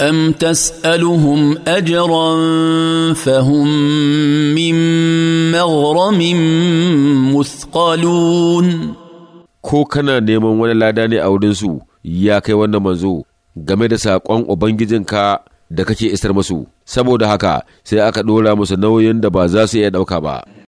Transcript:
أم تسألهم أجرا فهم من مغرم مثقلون ko kana neman wani lada ne a wurinsu ya kai wannan manzo game da saƙon Ubangijinka da kake isar musu, saboda haka sai aka ɗora musu nauyin da ba za su iya ɗauka ba.